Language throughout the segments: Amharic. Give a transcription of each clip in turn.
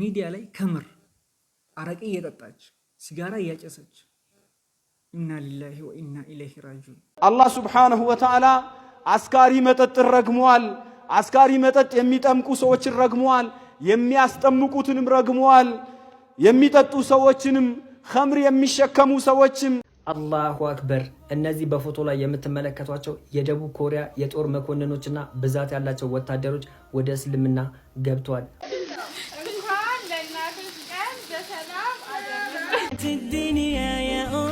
ሚዲያ ላይ ከምር አረቄ እየጠጣች ሲጋራ እያጨሰች ኢና ሊላሂ ወኢና ኢለይሂ ራጂዑን። አላህ ሱብሓነሁ ወተዓላ አስካሪ መጠጥን ረግሟል። አስካሪ መጠጥ የሚጠምቁ ሰዎችን ረግሟል። የሚያስጠምቁትንም ረግሟል። የሚጠጡ ሰዎችንም ኸምር የሚሸከሙ ሰዎችም አላሁ አክበር። እነዚህ በፎቶ ላይ የምትመለከቷቸው የደቡብ ኮሪያ የጦር መኮንኖችና ብዛት ያላቸው ወታደሮች ወደ እስልምና ገብተዋል።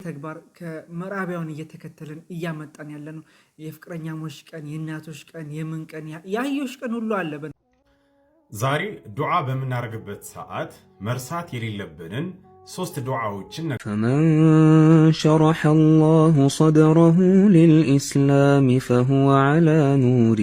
ተግባር ከምዕራቢያውን እየተከተልን እያመጣን ያለ ነው። የፍቅረኛሞች ቀን፣ የእናቶች ቀን፣ የምን ቀን፣ የአህዮች ቀን ሁሉ አለብን ዛሬ ዱዓ በምናደርግበት ሰዓት መርሳት የሌለብንን سوست الدعاء وشنا فمن شرح الله صدره للإسلام فهو على نور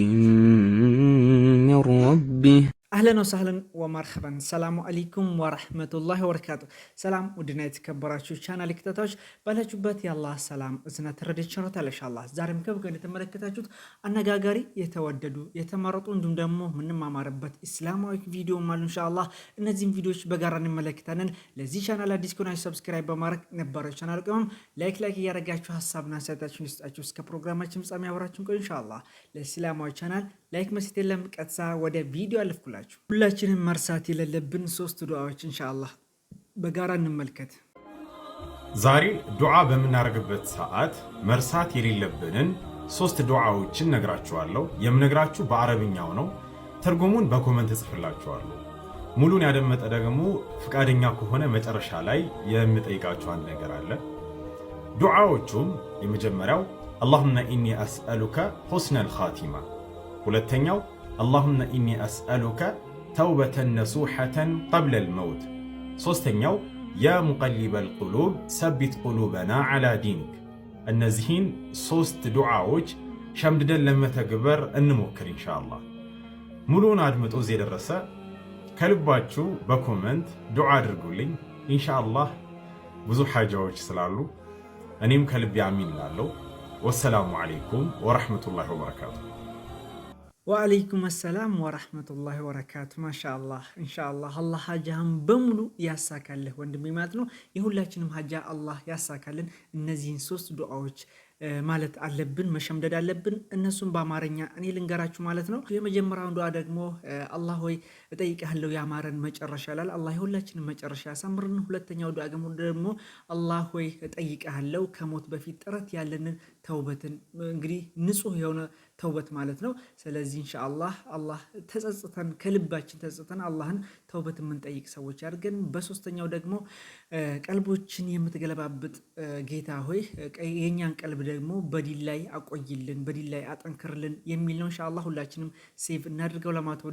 من ربه አህለን ወሳህለን ወመርሐበን ሰላሙ አለይኩም ወረህመቱላሂ ወበረካቱ። ሰላም ውድና የተከበራችሁ ቻናል ተከታታዮች ባላችሁበት የአላህ ሰላም እዝነት ረድኤት ይብዛላችሁ። ዛሬም ከብቀ እንደተመለከታችሁት አነጋጋሪ የተወደዱ የተመረጡ እንዲሁም ደግሞ የምንማማርበት ኢስላማዊ ቪዲዮ አሉ። ኢንሻአላህ እነዚህም ቪዲዮዎች በጋራ እንመለከታለን። ለዚህ ቻናል አዲስ ከሆናችሁ ሰብስክራይብ በማድረግ ነበረው ቻናል ቅመም ላይክ ላይክ እያደረጋችሁ ሀሳብና አስተያየታችሁን ይስጣችሁ። እስከ ፕሮግራማችን ፍጻሜ አብራችሁን ቆዩ። ኢንሻአላህ ለኢስላማዊ ቻናል ላይክ መስጠት የለም። ቀጥታ ወደ ቪዲዮ አለፍኩላችሁ። ትችላላችሁ። ሁላችንም መርሳት የሌለብን ሶስት ዱዓዎች እንሻአላህ በጋራ እንመልከት። ዛሬ ዱዓ በምናደርግበት ሰዓት መርሳት የሌለብንን ሶስት ዱዓዎችን ነግራችኋለሁ። የምነግራችሁ በአረብኛው ነው። ትርጉሙን በኮመንት እጽፍላችኋለሁ። ሙሉን ያደመጠ ደግሞ ፍቃደኛ ከሆነ መጨረሻ ላይ የምጠይቃችሁ አንድ ነገር አለ። ዱዓዎቹም የመጀመሪያው አላሁመ ኢኒ አስአሉከ ሁስነል ኻቲማ፣ ሁለተኛው አላሁመ ኢኒ አስአሉከ ተውበተን ነሱሐተን ቀብለል መውት። ሶስተኛው ያ ሙቀሊበል ቁሉብ ሰቢት ቁሉበና ዓላ ዲንክ። እነዚህን ሶስት ዱዓዎች ሸምድደን ለመተግበር እንሞክር ኢንሻአላህ። ሙሉውን አድምጦ እዚህ የደረሰ ከልባችሁ በኮመንት ዱዓ አድርጉልኝ ኢንሻአላህ። ብዙ ሓጃዎች ስላሉ እኔም ከልቤ አሚን እላለሁ። ወሰላሙ ዓለይኩም ወረሕመቱላሂ ወበረካቱ። ወአለይኩም አሰላም ወራህመቱላሂ ወበረካቱ። ማሻአላህ ኢንሻአላህ አላህ ሀጃህን በሙሉ ያሳካልህ ወንድሜ ማለት ነው። የሁላችንም ሀጃ አላህ ያሳካልን። እነዚህን ሶስት ዱዓዎች ማለት አለብን፣ መሸምደድ አለብን። እነሱም በአማርኛ እኔ ልንገራችሁ ማለት ነው። የመጀመሪያውን ዱዓ ደግሞ አላህ ሆይ እጠይቅሃለሁ ያማረን መጨረሻ ይላል። አላህ የሁላችንም መጨረሻ ያሳምርን። ሁለተኛው ዱዓ ደግሞ አላህ ሆይ እጠይቅሃለሁ ከሞት በፊት ጥረት ያለንን ተውበትን እንግዲህ ንጹህ የሆነ ተውበት ማለት ነው። ስለዚህ ኢንሻአላህ አላህ ተጸጽተን ከልባችን ተጸጽተን አላህን ተውበት የምንጠይቅ ሰዎች አድርገን፣ በሶስተኛው ደግሞ ቀልቦችን የምትገለባብጥ ጌታ ሆይ የእኛን ቀልብ ደግሞ በዲን ላይ አቆይልን፣ በዲን ላይ አጠንክርልን የሚል ነው። ኢንሻአላህ ሁላችንም ሴቭ እናድርገው ለማለት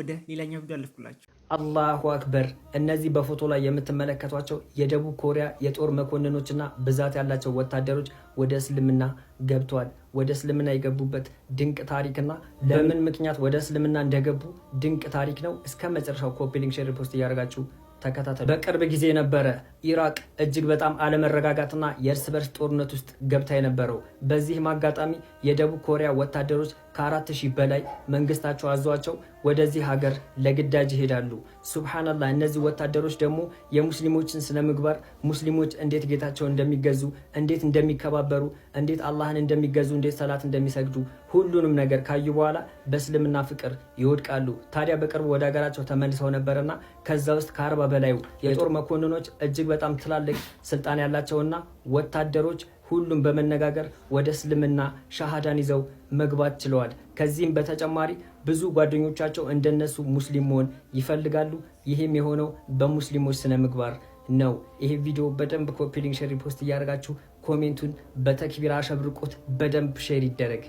ወደ ሌላኛው ቪዲዮ አለፍኩላችሁ። አላሁ አክበር። እነዚህ በፎቶ ላይ የምትመለከቷቸው የደቡብ ኮሪያ የጦር መኮንኖችና ብዛት ያላቸው ወታደሮች ወደ እስልምና ገብተዋል። ወደ እስልምና የገቡበት ድንቅ ታሪክና ለምን ምክንያት ወደ እስልምና እንደገቡ ድንቅ ታሪክ ነው። እስከ መጨረሻው ኮፒሊንግ ሼር ፖስት እያደረጋችሁ ተከታተሉ። በቅርብ ጊዜ ነበረ ኢራቅ እጅግ በጣም አለመረጋጋትና የእርስ በርስ ጦርነት ውስጥ ገብታ የነበረው። በዚህም አጋጣሚ የደቡብ ኮሪያ ወታደሮች ከአራት ሺህ በላይ መንግስታቸው አዟቸው ወደዚህ ሀገር ለግዳጅ ይሄዳሉ። ሱብሃነላህ። እነዚህ ወታደሮች ደግሞ የሙስሊሞችን ስነ ምግባር ሙስሊሞች እንዴት ጌታቸው እንደሚገዙ፣ እንዴት እንደሚከባበሩ፣ እንዴት አላህን እንደሚገዙ፣ እንዴት ሰላት እንደሚሰግዱ ሁሉንም ነገር ካዩ በኋላ በእስልምና ፍቅር ይወድቃሉ። ታዲያ በቅርቡ ወደ ሀገራቸው ተመልሰው ነበርና ከዛ ውስጥ ከአርባ በላዩ የጦር መኮንኖች እጅግ በጣም ትላልቅ ስልጣን ያላቸውና ወታደሮች ሁሉም በመነጋገር ወደ እስልምና ሻሃዳን ይዘው መግባት ችለዋል። ከዚህም በተጨማሪ ብዙ ጓደኞቻቸው እንደነሱ ሙስሊም መሆን ይፈልጋሉ። ይህም የሆነው በሙስሊሞች ስነ ምግባር ነው። ይሄ ቪዲዮ በደንብ ኮፒሊንግ ሼሪ ፖስት እያደረጋችሁ ኮሜንቱን በተክቢር አሸብርቆት በደንብ ሼር ይደረግ።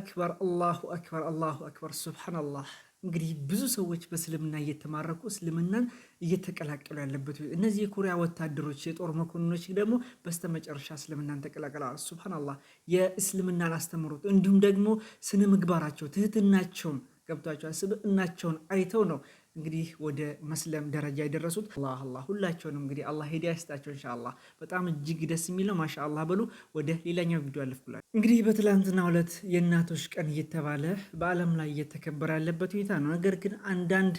አክበር አላሁ አክበር አላሁ አክበር ሱብሃነላህ እንግዲህ ብዙ ሰዎች በእስልምና እየተማረኩ እስልምናን እየተቀላቀሉ ያለበት እነዚህ የኮሪያ ወታደሮች የጦር መኮንኖች ደግሞ በስተመጨረሻ እስልምናን ተቀላቅለዋል። ሱብሃነላህ የእስልምናን አስተምሮት እንዲሁም ደግሞ ስነ ምግባራቸው ትህትናቸውን ገብቷቸዋል። ስብዕናቸውን አይተው ነው እንግዲህ ወደ መስለም ደረጃ የደረሱት። አላህ ሁላቸውንም እንግዲህ አላህ ሂዳያ ይስጣቸው እንሻላ በጣም እጅግ ደስ የሚለው ማሻአላህ በሉ። ወደ ሌላኛው ቪዲዮ አለፍ ብሏል። እንግዲህ በትላንትና ዕለት የእናቶች ቀን እየተባለ በዓለም ላይ እየተከበረ ያለበት ሁኔታ ነው። ነገር ግን አንዳንድ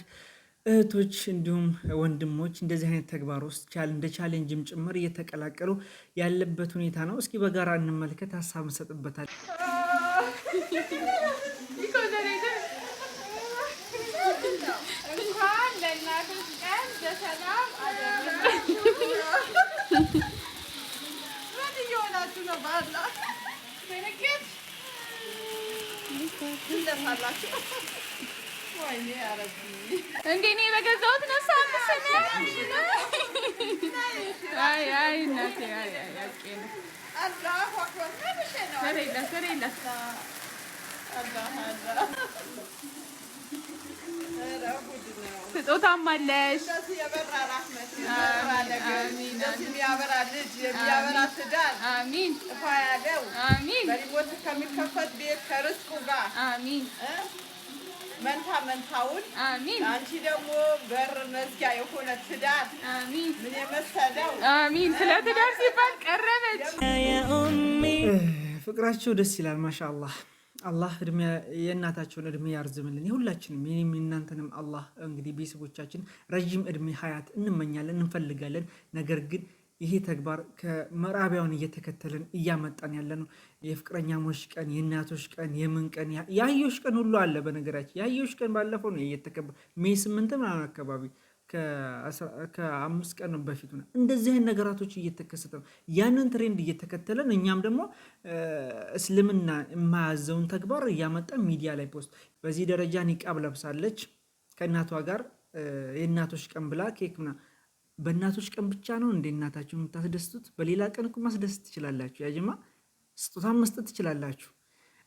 እህቶች እንዲሁም ወንድሞች እንደዚህ አይነት ተግባር ውስጥ እንደ ቻሌንጅም ጭምር እየተቀላቀሉ ያለበት ሁኔታ ነው። እስኪ በጋራ እንመልከት፣ ሀሳብ እንሰጥበታለን። የእናቶች ቀን በሰላም ምን እየሆናችሁ ነው? ባላ ምንግድ እንደታላችሁ ነው። ስጦታም አለሽ። የሚያበራ ልጅ የሚያበራ ትዳር አሚን። ጥፋ ያለው አሚን። ቤት ከርስቁ ጋር አሚን። መንታ መንታውን አሚን። አንቺ ደግሞ በር መዝጊያ የሆነ ትዳር አሚን። ምን የመሰለው አሚን። ስለ ትዳር ሲባል ቀረበች። ፍቅራቸው ደስ ይላል። ማሻአላህ አላህ የእናታቸውን እድሜ ያርዝምልን የሁላችንም የኔም የእናንተንም አላህ እንግዲህ ቤተሰቦቻችን ረዥም እድሜ ሀያት እንመኛለን እንፈልጋለን። ነገር ግን ይሄ ተግባር ከመራቢያውን እየተከተልን እያመጣን ያለ ነው። የፍቅረኛሞች ቀን፣ የእናቶች ቀን፣ የምን ቀን፣ የአህዮች ቀን ሁሉ አለ። በነገራችን የአህዮች ቀን ባለፈው ነው እየተከበ ሜ ስምንት ምናምን አካባቢ ከአምስት ቀን በፊት ነው። እንደዚህ አይነት ነገራቶች እየተከሰተ ነው። ያንን ትሬንድ እየተከተለን እኛም ደግሞ እስልምና የማያዘውን ተግባር እያመጣ ሚዲያ ላይ ፖስት በዚህ ደረጃ ኒቃብ ለብሳለች ከእናቷ ጋር የእናቶች ቀን ብላ ኬክ ምናምን በእናቶች ቀን ብቻ ነው እንደ እናታችሁ የምታስደስቱት። በሌላ ቀን እኮ ማስደስት ትችላላችሁ። ያጅማ ስጦታን መስጠት ትችላላችሁ።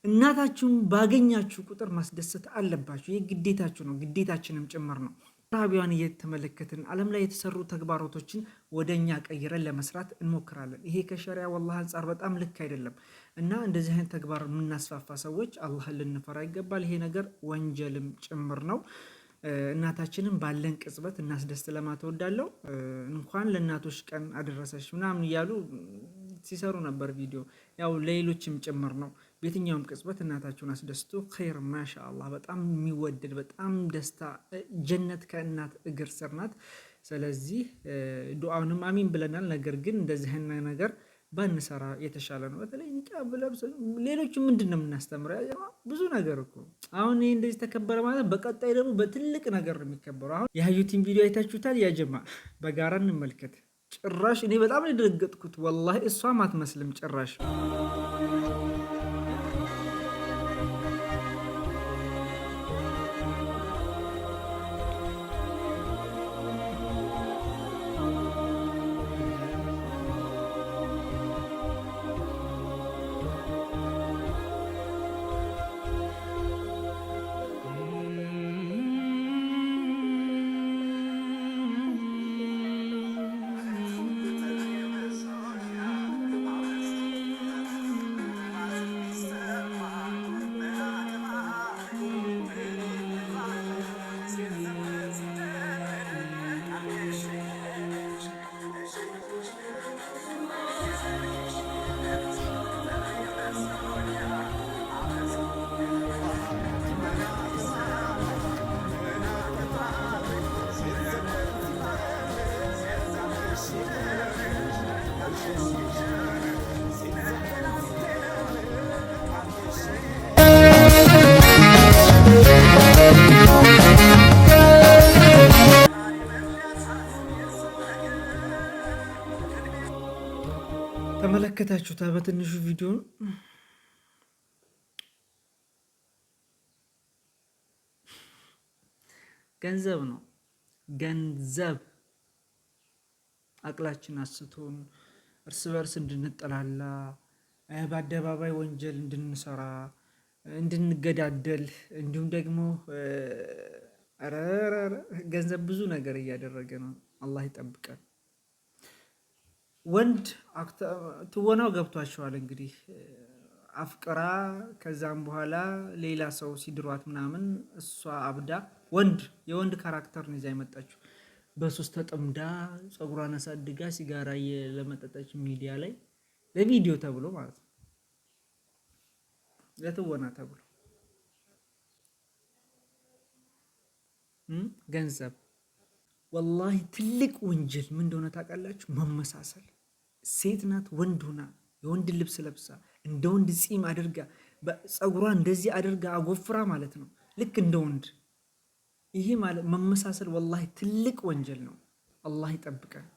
እናታችሁን ባገኛችሁ ቁጥር ማስደሰት አለባችሁ። ይህ ግዴታችሁ ነው፣ ግዴታችንም ጭምር ነው። ራቢዋን እየተመለከትን ዓለም ላይ የተሰሩ ተግባሮቶችን ወደ እኛ ቀይረን ለመስራት እንሞክራለን። ይሄ ከሸሪያ ወላህ አንጻር በጣም ልክ አይደለም እና እንደዚህ አይነት ተግባር የምናስፋፋ ሰዎች አላህን ልንፈራ ይገባል። ይሄ ነገር ወንጀልም ጭምር ነው። እናታችንን ባለን ቅጽበት እናስደስት ለማት እወዳለሁ። እንኳን ለእናቶች ቀን አደረሰች ምናምን እያሉ ሲሰሩ ነበር ቪዲዮ። ያው ለሌሎችም ጭምር ነው። በየትኛውም ቅጽበት እናታችሁን አስደስቱ። ኸይር ማሻአላ በጣም የሚወደድ በጣም ደስታ ጀነት ከእናት እግር ስር ናት። ስለዚህ ዱዓውንም አሚን ብለናል። ነገር ግን እንደዚህ ነገር ባንሰራ የተሻለ ነው። በተለይ ኒቃብ ለብሰን ሌሎችም ምንድን ነው የምናስተምረው? ብዙ ነገር እኮ አሁን ይህ እንደዚህ ተከበረ ማለት በቀጣይ ደግሞ በትልቅ ነገር ነው የሚከበረው። አሁን የሀዩቲን ቪዲዮ አይታችሁታል? ያጀማ በጋራ እንመልከት። ጭራሽ እኔ በጣም የደነገጥኩት ወላሂ፣ እሷም አትመስልም ጭራሽ ተመለከታችሁታ በትንሹ ቪዲዮ ገንዘብ ነው ገንዘብ አቅላችን አስቶን እርስ በርስ እንድንጠላላ በአደባባይ ወንጀል እንድንሰራ እንድንገዳደል እንዲሁም ደግሞ ገንዘብ ብዙ ነገር እያደረገ ነው። አላህ ይጠብቀን። ወንድ ትወናው ገብቷቸዋል። እንግዲህ አፍቅራ ከዛም በኋላ ሌላ ሰው ሲድሯት ምናምን እሷ አብዳ ወንድ የወንድ ካራክተር ነው ይዛ የመጣችው። በሶስት ተጠምዳ ፀጉሯን አሳድጋ ሲጋራ የለመጠጠች ሚዲያ ላይ ለቪዲዮ ተብሎ ማለት ነው ለትወና ተብሎ ገንዘብ ወላሂ ትልቅ ወንጀል ምን እንደሆነ ታውቃላችሁ? መመሳሰል። ሴት ናት ወንድ ሆና የወንድ ልብስ ለብሳ እንደ ወንድ ጺም አድርጋ ፀጉሯ እንደዚህ አድርጋ አጎፍራ ማለት ነው፣ ልክ እንደ ወንድ። ይሄ ማለት መመሳሰል ወላሂ ትልቅ ወንጀል ነው። አላህ ይጠብቀን።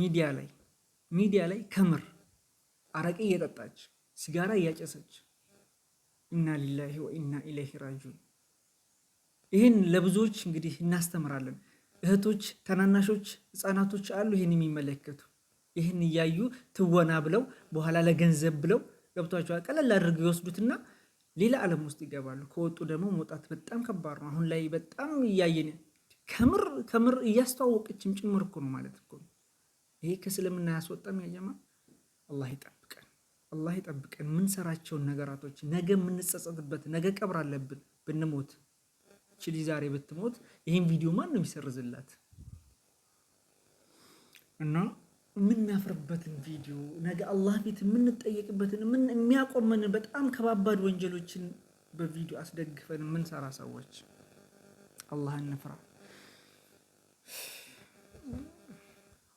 ሚዲያ ላይ ሚዲያ ላይ ከምር አረቄ እየጠጣች ሲጋራ እያጨሰች ኢና ሊላሂ ወኢና ኢለይሂ ራጂዑን። ይህን ለብዙዎች እንግዲህ እናስተምራለን። እህቶች፣ ታናናሾች፣ ህፃናቶች አሉ ይህን የሚመለከቱ ይህን እያዩ ትወና ብለው በኋላ ለገንዘብ ብለው ገብቷቸዋል። ቀለል አድርገው ይወስዱትና ሌላ ዓለም ውስጥ ይገባሉ። ከወጡ ደግሞ መውጣት በጣም ከባድ ነው። አሁን ላይ በጣም እያየን ከምር ከምር እያስተዋወቀችም ጭምር እኮ ነው ማለት እኮ ይሄ ከእስልምና ያስወጣም ያጀማ አላህ ይጠብቀን፣ አላህ ይጠብቀን። ምንሰራቸውን ነገራቶች ነገ የምንጸጸትበት ነገ ቀብር አለብን ብንሞት ችሊ ዛሬ ብትሞት ይህን ቪዲዮ ማን ነው የሚሰርዝላት? እና የምናፍርበትን ቪዲዮ ነገ አላህ ቤት የምንጠየቅበትን ምን የሚያቆመንን በጣም ከባባድ ወንጀሎችን በቪዲዮ አስደግፈን የምንሰራ ሰዎች አላህን እንፍራ።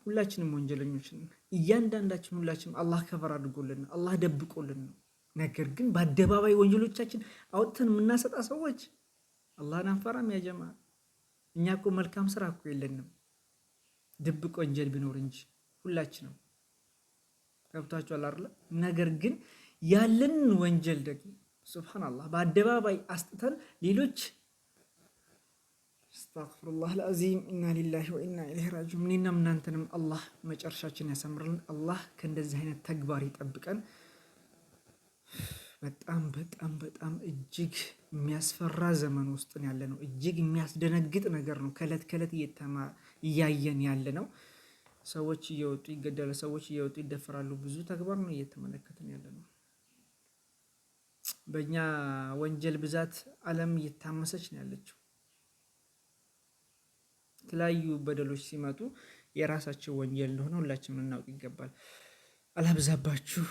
ሁላችንም ወንጀለኞች እያንዳንዳችን ሁላችንም አላህ ከበር አድርጎልን አላህ ደብቆልን ነው። ነገር ግን በአደባባይ ወንጀሎቻችን አውጥተን የምናሰጣ ሰዎች አላህን አንፈራም። ያጀማ እኛ እኮ መልካም ስራ እኮ የለንም ድብቅ ወንጀል ቢኖር እንጂ ሁላችንም ገብቷችኋል አይደለ? ነገር ግን ያለን ወንጀል ደግሞ ሱብሃነላህ በአደባባይ አስጥተን ሌሎች አስተግፊሩላህ አልዓዚም ኢና ሊላሂ ወኢና ኢለይሂ ራጂዑን። እኔንም እናንተንም አላህ መጨረሻችን ያሰምርልን። አላህ ከእንደዚህ አይነት ተግባር ይጠብቀን። በጣም በጣም በጣም እጅግ የሚያስፈራ ዘመን ውስጥ ያለ ነው። እጅግ የሚያስደነግጥ ነገር ነው። ከእለት ከእለት እያየን ያለ ነው። ሰዎች እየወጡ ይገደላሉ። ሰዎች እየወጡ ይደፈራሉ። ብዙ ተግባር ነው እየተመለከትን ያለ ነው። በእኛ ወንጀል ብዛት ዓለም እየታመሰች ነው ያለችው። የተለያዩ በደሎች ሲመጡ የራሳቸው ወንጀል እንደሆነ ሁላችንም ልናውቅ ይገባል። አላብዛባችሁ።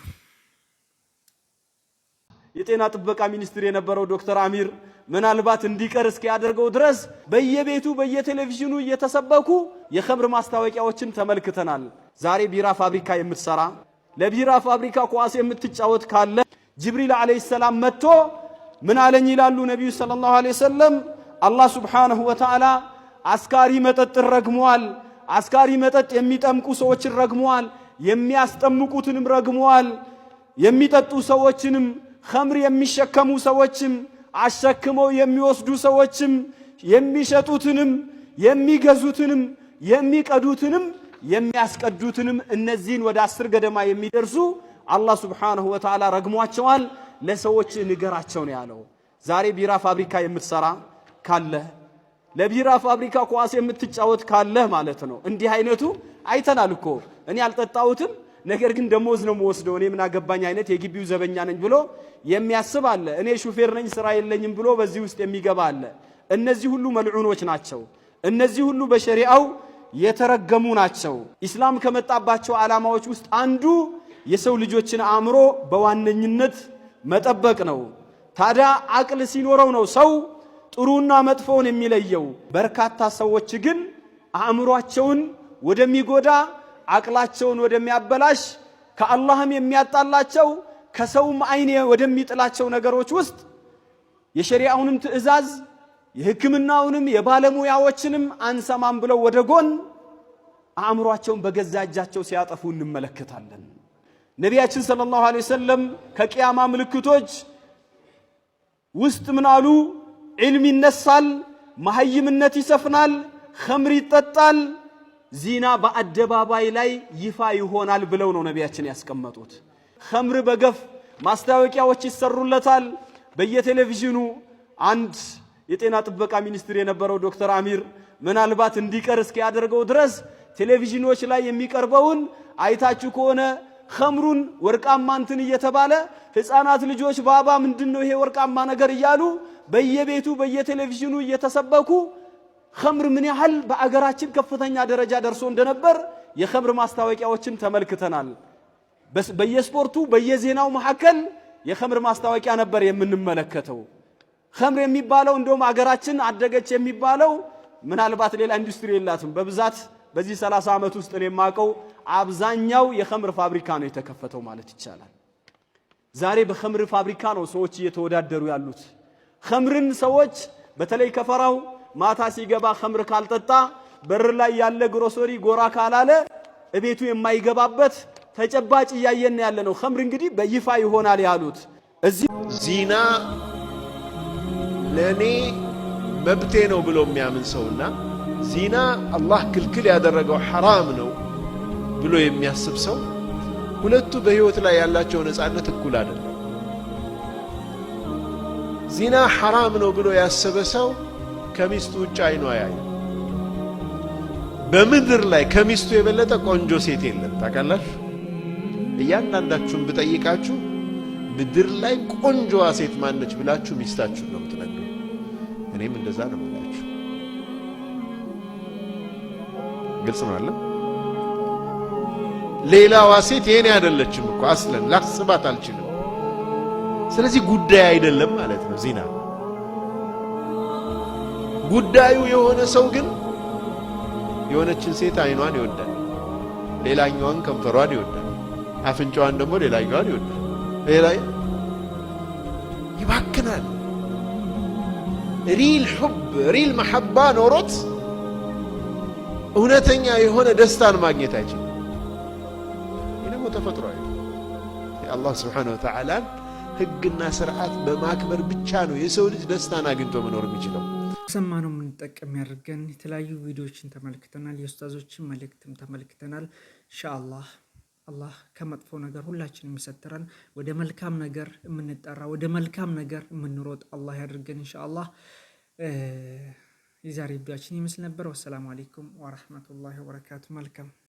የጤና ጥበቃ ሚኒስትር የነበረው ዶክተር አሚር ምናልባት እንዲቀር እስኪያደርገው ድረስ በየቤቱ በየቴሌቪዥኑ እየተሰበኩ የኸምር ማስታወቂያዎችን ተመልክተናል። ዛሬ ቢራ ፋብሪካ የምትሰራ ለቢራ ፋብሪካ ኳስ የምትጫወት ካለ ጅብሪል ዓለይሂ ሰላም መጥቶ ምን አለኝ ይላሉ ነቢዩ ሰለላሁ ዓለይሂ ወሰለም። አላህ ሱብሓነሁ ወተዓላ አስካሪ መጠጥን ረግሟል። አስካሪ መጠጥ የሚጠምቁ ሰዎችን ረግሟል። የሚያስጠምቁትንም ረግሟል። የሚጠጡ ሰዎችንም ኸምር የሚሸከሙ ሰዎችም አሸክመው የሚወስዱ ሰዎችም የሚሸጡትንም የሚገዙትንም የሚቀዱትንም የሚያስቀዱትንም እነዚህን ወደ አስር ገደማ የሚደርሱ አላህ ሱብሓነሁ ወተዓላ ረግሟቸዋል። ለሰዎች ንገራቸው ነው ያለው። ዛሬ ቢራ ፋብሪካ የምትሰራ ካለህ ለቢራ ፋብሪካ ኳስ የምትጫወት ካለህ ማለት ነው። እንዲህ አይነቱ አይተናል እኮ እኔ አልጠጣሁትም ነገር ግን ደሞዝ ነው መወስደው እኔ ምን አገባኝ አይነት የግቢው ዘበኛ ነኝ ብሎ የሚያስብ አለ። እኔ ሹፌር ነኝ ስራ የለኝም ብሎ በዚህ ውስጥ የሚገባ አለ። እነዚህ ሁሉ መልዑኖች ናቸው። እነዚህ ሁሉ በሸሪአው የተረገሙ ናቸው። ኢስላም ከመጣባቸው ዓላማዎች ውስጥ አንዱ የሰው ልጆችን አእምሮ በዋነኝነት መጠበቅ ነው። ታዲያ አቅል ሲኖረው ነው ሰው ጥሩና መጥፎውን የሚለየው። በርካታ ሰዎች ግን አእምሯቸውን ወደሚጎዳ አቅላቸውን ወደሚያበላሽ ከአላህም የሚያጣላቸው ከሰውም አይን ወደሚጥላቸው ነገሮች ውስጥ የሸሪዓውንም ትዕዛዝ የሕክምናውንም የባለሙያዎችንም አንሰማም ብለው ወደ ጎን አእምሯቸውን በገዛ እጃቸው ሲያጠፉ እንመለከታለን። ነቢያችን ሰለላሁ ዐለይሂ ወሰለም ከቅያማ ምልክቶች ውስጥ ምናሉ? ዕልም ይነሳል፣ መሀይምነት ይሰፍናል፣ ኸምር ይጠጣል ዚና በአደባባይ ላይ ይፋ ይሆናል ብለው ነው ነቢያችን ያስቀመጡት። ኸምር በገፍ ማስታወቂያዎች ይሰሩለታል። በየቴሌቪዥኑ አንድ የጤና ጥበቃ ሚኒስትር የነበረው ዶክተር አሚር ምናልባት እንዲቀር እስኪያደርገው ድረስ ቴሌቪዥኖች ላይ የሚቀርበውን አይታችሁ ከሆነ ኸምሩን ወርቃማ እንትን እየተባለ ሕፃናት ልጆች ባባ ምንድን ነው ይሄ ወርቃማ ነገር እያሉ በየቤቱ በየቴሌቪዥኑ እየተሰበኩ ኸምር ምን ያህል በአገራችን ከፍተኛ ደረጃ ደርሶ እንደነበር የኸምር ማስታወቂያዎችን ተመልክተናል። በየስፖርቱ በየዜናው መካከል የኸምር ማስታወቂያ ነበር የምንመለከተው። ኸምር የሚባለው እንደውም አገራችን አደገች የሚባለው ምናልባት ሌላ ኢንዱስትሪ የላትም። በብዛት በዚህ 30 ዓመት ውስጥ እኔ የማውቀው አብዛኛው የኸምር ፋብሪካ ነው የተከፈተው ማለት ይቻላል። ዛሬ በኸምር ፋብሪካ ነው ሰዎች እየተወዳደሩ ያሉት። ኸምርን ሰዎች በተለይ ከፈራው ማታ ሲገባ ኸምር ካልጠጣ በር ላይ ያለ ግሮሶሪ ጎራ ካላለ እቤቱ የማይገባበት ተጨባጭ እያየን ያለ ነው። ኸምር እንግዲህ በይፋ ይሆናል ያሉት እዚህ ዚና ለእኔ መብቴ ነው ብሎ የሚያምን ሰውና ዚና አላህ ክልክል ያደረገው ሐራም ነው ብሎ የሚያስብ ሰው ሁለቱ በሕይወት ላይ ያላቸው ነፃነት እኩል አይደለም። ዚና ሐራም ነው ብሎ ያሰበ ሰው ከሚስቱ ውጭ አይኖ ያይ። በምድር ላይ ከሚስቱ የበለጠ ቆንጆ ሴት የለም። ታውቃላችሁ፣ እያንዳንዳችሁን ብጠይቃችሁ ምድር ላይ ቆንጆዋ ሴት ማነች ብላችሁ ሚስታችሁ ነው የምትነግሩ። እኔም እንደዛ ነው የምላችሁ። ግልጽ ነው አለ። ሌላዋ ሴት የኔ አይደለችም እኮ አስለን ላስባት አልችልም። ስለዚህ ጉዳይ አይደለም ማለት ነው ዚና ጉዳዩ የሆነ ሰው ግን የሆነችን ሴት አይኗን ይወዳል፣ ሌላኛዋን ከንፈሯን ይወዳል፣ አፍንጫዋን ደግሞ ሌላኛዋን ይወዳል። ሌላ ይባክናል። ሪል ሑብ ሪል መሐባ ኖሮት እውነተኛ የሆነ ደስታን ማግኘት አይችልም። ይህ ደግሞ ተፈጥሯዊ የአላህ ስብሓነሁ ወተዓላን ሕግና ስርዓት በማክበር ብቻ ነው የሰው ልጅ ደስታን አግኝቶ መኖር የሚችለው። ከሰማነው የምንጠቀም ያደርገን። የተለያዩ ቪዲዮዎችን ተመልክተናል። የኡስታዞችን መልእክትም ተመልክተናል። ኢንሻአላህ አላህ ከመጥፎ ነገር ሁላችንም ይሰትረን፣ ወደ መልካም ነገር የምንጠራ ወደ መልካም ነገር የምንሮጥ አላህ ያደርገን። ኢንሻአላህ የዛሬ ቪዲዮችን ይመስል ነበር። ወሰላሙ አሌይኩም ወረህመቱላሂ ወበረካቱ። መልካም